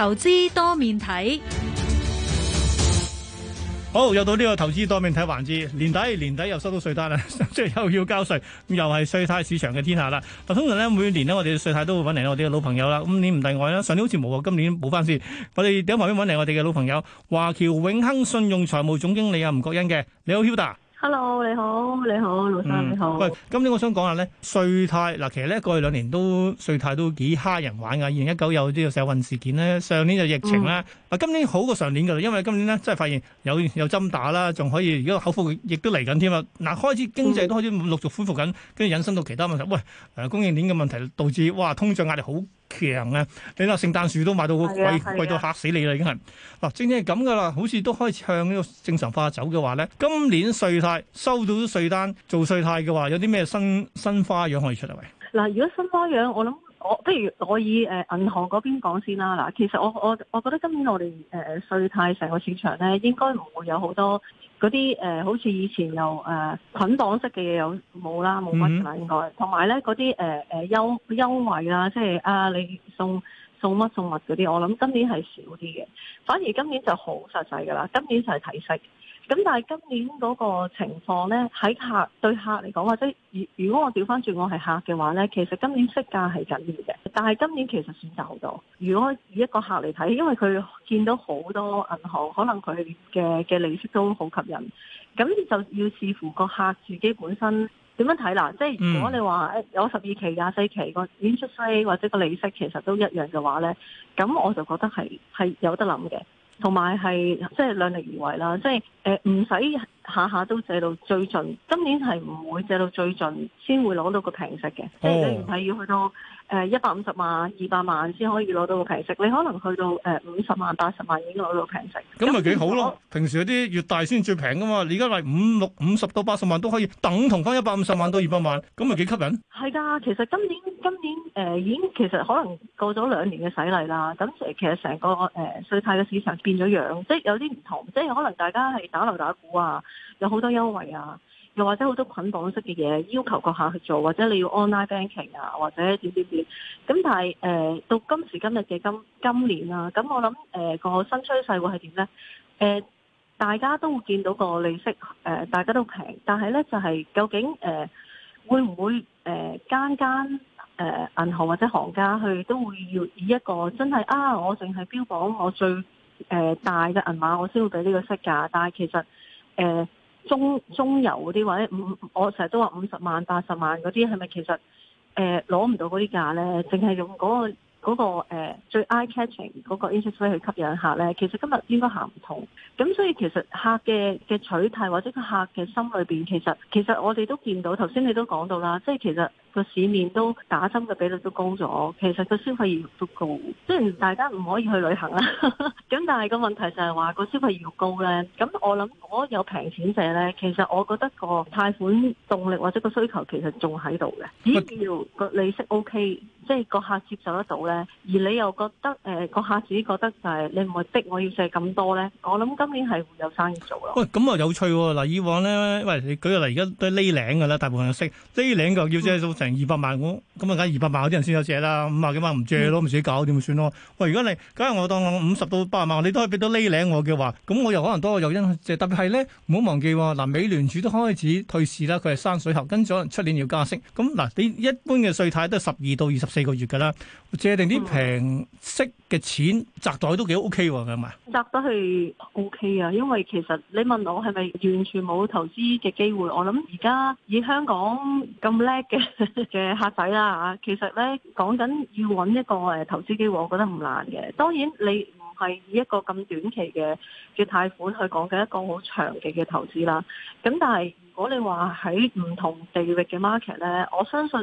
投資多面體，好，又到呢個投資多面體環節。年底，年底又收到稅單啦，即 係又要交稅，又係稅貸市場嘅天下啦。嗱，通常咧每年咧，我哋嘅稅貸都會揾嚟我哋嘅老朋友啦。咁年唔例外啦，上年好似冇，今年冇翻先。我哋喺旁邊揾嚟我哋嘅老朋友，華僑永亨信用財務總經理啊，吳慖欣嘅，你好，Hilda。hello 你好你好，老生你好。喂、嗯，今年我想講下咧，稅貸嗱，其實咧過去兩年都稅貸都幾蝦人玩㗎。二零一九有呢個社運事件咧，上年就疫情啦。嗱、嗯，今年好過上年㗎啦，因為今年咧真係發現有有針打啦，仲可以而家個口服亦都嚟緊添啊。嗱，開始經濟都開始陸續恢復緊，跟住引申到其他問題。喂，誒供應鏈嘅問題導致哇，通脹壓力好強咧，你睇聖誕樹都賣到好貴，貴到嚇死你啦，已經係嗱，正正係咁噶啦，好似都開始向呢個正常化走嘅話咧，今年稅貸收到啲稅單做稅貸嘅話，有啲咩新新花樣可以出嚟？嗱，如果新花樣，我諗。我不如我以誒、呃、銀行嗰邊講先啦。嗱，其實我我我覺得今年我哋誒稅貸成個市場咧，應該唔會有好多嗰啲誒，好似以前又誒捆綁式嘅嘢有冇啦，冇乜啦應該。同埋咧嗰啲誒誒優優惠啦，即係啊，你送送乜送物嗰啲，我諗今年係少啲嘅，反而今年就好實際噶啦，今年就係睇息。咁但係今年嗰個情況呢，喺客對客嚟講，或者如如果我調翻轉我係客嘅話呢，其實今年息價係緊要嘅。但係今年其實選擇好多。如果以一個客嚟睇，因為佢見到好多銀行，可能佢嘅嘅利息都好吸引。咁就要視乎個客自己本身點樣睇啦。即係、嗯、如果你話有十二期、廿四期個免出息或者個利息，其實都一樣嘅話呢，咁我就覺得係係有得諗嘅。同埋係即係量力而為啦，即係誒唔使下下都借到最盡，今年係唔會借到最盡先會攞到個平息嘅，即係你唔係要去到。誒一百五十萬、二百萬先可以攞到個平息，你可能去到誒五十萬、八十萬已經攞到平息，咁咪幾好咯？嗯、平時嗰啲越大先最平㗎嘛，你而家係五六五十到八十萬都可以等同返一百五十萬到二百萬，咁咪幾吸引？係㗎，其實今年今年誒已經其實可能過咗兩年嘅洗禮啦，咁其實成個誒稅貸嘅市場變咗樣，即係有啲唔同，即係可能大家係打樓打鼓啊，有好多優惠啊。又或者好多捆綁式嘅嘢，要求閣下去做，或者你要 online banking 啊，或者點點點。咁但係誒、呃、到今時今日嘅今今年啦、啊，咁我諗誒、呃那個新趨勢會係點咧？誒、呃、大家都會見到個利息誒、呃、大家都平，但係咧就係、是、究竟誒、呃、會唔會誒、呃、間間誒、呃、銀行或者行家去都會要以一個真係啊我淨係標榜我最誒、呃、大嘅銀碼，我先會俾呢個息價，但係其實誒。呃中中游嗰啲或者五，我成日都話五十萬、八十萬嗰啲，係咪其實誒攞唔到嗰啲價呢？淨係用嗰、嗰個、嗰個誒、呃、最 eye-catching 嗰個 interest rate 去吸引客呢？其實今日應該行唔通，咁所以其實客嘅嘅取態或者個客嘅心裏邊，其實其實我哋都見到，頭先你都講到啦，即係其實。個市面都打針嘅比率都高咗，其實個消費意欲都高，雖然大家唔可以去旅行啦，咁 但係個問題就係話個消費意欲高呢。咁我諗如果有平錢借呢，其實我覺得個貸款動力或者個需求其實仲喺度嘅，只要個利息 OK。即係個客接受得到咧，而你又覺得誒個、呃、客自己覺得就係你唔係逼我要借咁多咧，我諗今年係會有生意做咯、哦。喂，咁啊有趣喎！嗱，以往咧，喂，你舉個例而家都匿領噶啦，大部分都識匿領就要借到成二百萬咁，咁啊、嗯，梗係二百萬嗰啲人先有借啦，五萬幾萬唔借咯，唔使、嗯、搞掂咪算咯。喂，如果你梗係我當我五十到八十萬，你都可以俾到匿領我嘅話，咁我又可能多有因借，特別係咧唔好忘記喎。嗱、呃，美聯儲都開始退市啦，佢係山水合跟住可能出年要加息。咁、呃、嗱，你一般嘅稅貸都係十二到二十四。四個月噶啦，借定啲平息嘅錢，摘袋都幾 OK 㗎嘛？摘得去 OK 啊，因為其實你問我係咪完全冇投資嘅機會，我諗而家以香港咁叻嘅嘅客仔啦吓，其實咧講緊要揾一個誒投資機會，我覺得唔難嘅。當然你唔係以一個咁短期嘅嘅貸款去講緊一個好長期嘅投資啦。咁但係如果你話喺唔同地域嘅 market 咧，我相信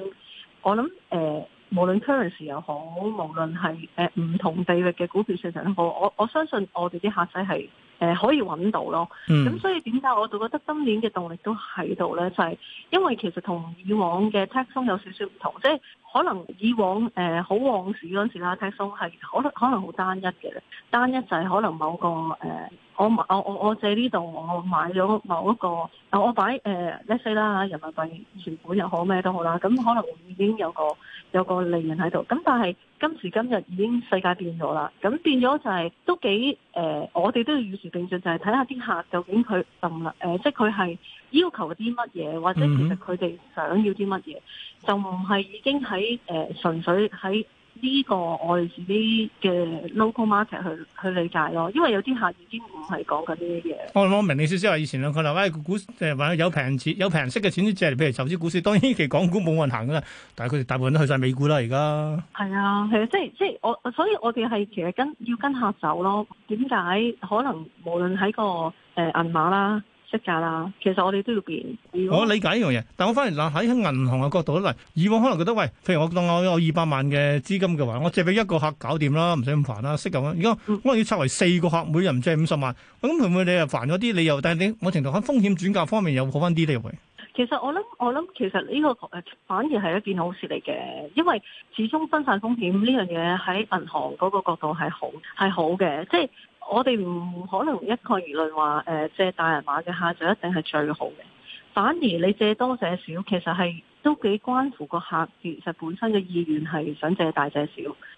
我諗誒。呃無論 currency 又好，無論係誒唔同地域嘅股票市場都好，我我相信我哋啲客仔係誒可以揾到咯。咁、嗯、所以點解我就覺得今年嘅動力都喺度咧？就係、是、因為其實同以往嘅 tech stock 有少少唔同，即係可能以往誒好旺市嗰陣時啦 tech stock 係可能可能好單一嘅，單一就係可能某個誒。呃我買我我我借呢度，我買咗某一個，我擺誒，let's say 啦，人民幣存款又好咩都好啦，咁可能已經有個有個利潤喺度。咁但係今時今日已經世界變咗啦，咁變咗就係、是、都幾誒、呃，我哋都要與時並進，就係睇下啲客究竟佢諗啦，誒、呃，即係佢係要求啲乜嘢，或者其實佢哋想要啲乜嘢，就唔係已經喺誒、呃、純粹喺。呢個我哋自己嘅 local market 去去理解咯，因為有啲客已經唔係講緊呢啲嘢。我我明你少少話以前啊，佢留翻股即係或者有平錢有平息嘅錢嚟借嚟，譬如投資股市。當然其港股冇運行噶啦，但係佢哋大部分都去晒美股啦，而家。係啊，係啊，即係即係我，所以我哋係其實跟要跟客走咯。點解可能無論喺個誒銀碼啦，息價啦，其實我哋都要變。我理解呢樣嘢，但我反而嗱，喺銀行嘅角度咧，嚟以往可能覺得喂，譬如我當我有二百萬嘅資金嘅話，我借俾一個客搞掂啦，唔使咁煩啦，息咁樣。如果我可能要拆為四個客，每人借五十萬，咁會唔會你又煩咗啲？你又但係你某程度喺風險轉嫁方面又好翻啲咧？會？其實我諗我諗，其實呢個反而係一件好事嚟嘅，因為始終分散風險呢樣嘢喺銀行嗰個角度係好係好嘅，即係。我哋唔可能一概而論話，誒、呃、借大人馬嘅下就一定係最好嘅，反而你借多借少，其實係，都幾關乎個客，其實本身嘅意願係想借大借少，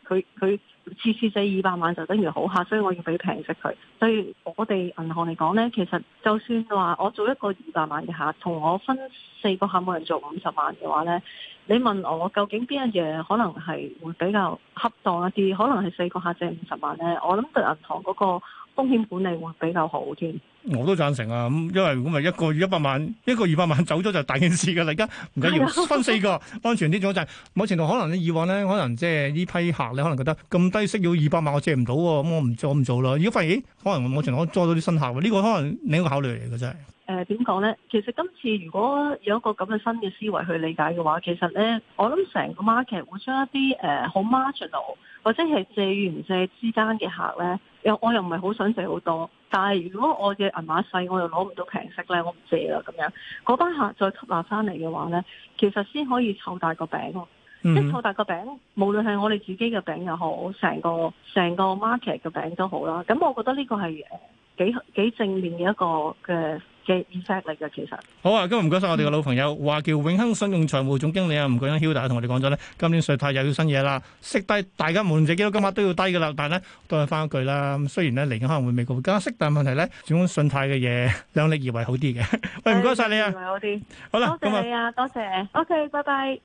佢佢次次借二百萬就等於好客，所以我要俾平息佢。所以我哋銀行嚟講呢，其實就算話我做一個二百萬嘅客，同我分四個客每人做五十萬嘅話呢，你問我究竟邊一樣可能係會比較恰當一啲，可能係四個客借五十萬呢？我諗對銀行嗰、那個。風險管理會比較好啲，我都贊成啊！咁因為如果咪一個月一百萬，一個二百萬走咗就大件事㗎啦，而家唔緊要分四個安全啲咗就係、是、某程度可能你以往咧，可能即係呢批客咧，可能覺得咁低息要二百萬我借唔到喎、啊，咁我唔我唔做啦。如果發現、欸、可能某程度我再多啲新客喎，呢、這個可能你要考慮嚟嘅真係。誒點講咧？其實今次如果有一個咁嘅新嘅思維去理解嘅話，其實咧我諗成個 market 會將一啲誒好 marginal，呃或者係借與唔借之間嘅客咧，又我又唔係好想借好多，但係如果我嘅銀碼細，我又攞唔到平息咧，我唔借啦咁樣。嗰班客再吸納翻嚟嘅話咧，其實先可以湊大個餅咯，嗯、即係湊大個餅，無論係我哋自己嘅餅又好，成個成個 market 嘅餅都好啦。咁我覺得呢個係幾幾正面嘅一個嘅嘅 impact 嚟嘅，其實好啊！今日唔該曬我哋嘅老朋友華僑永亨信用財務總經理啊，吳慖欣 Hilda 同我哋講咗咧，今年稅貸又要新嘢啦，息低，大家無論借幾多金額都要低嘅啦。但係咧，都係翻一句啦，雖然咧嚟緊可能會美國加息，但係問題咧，講信貸嘅嘢量力而為好啲嘅。唔該曬你啊，好啦，多謝你啊，多謝。OK，bye bye。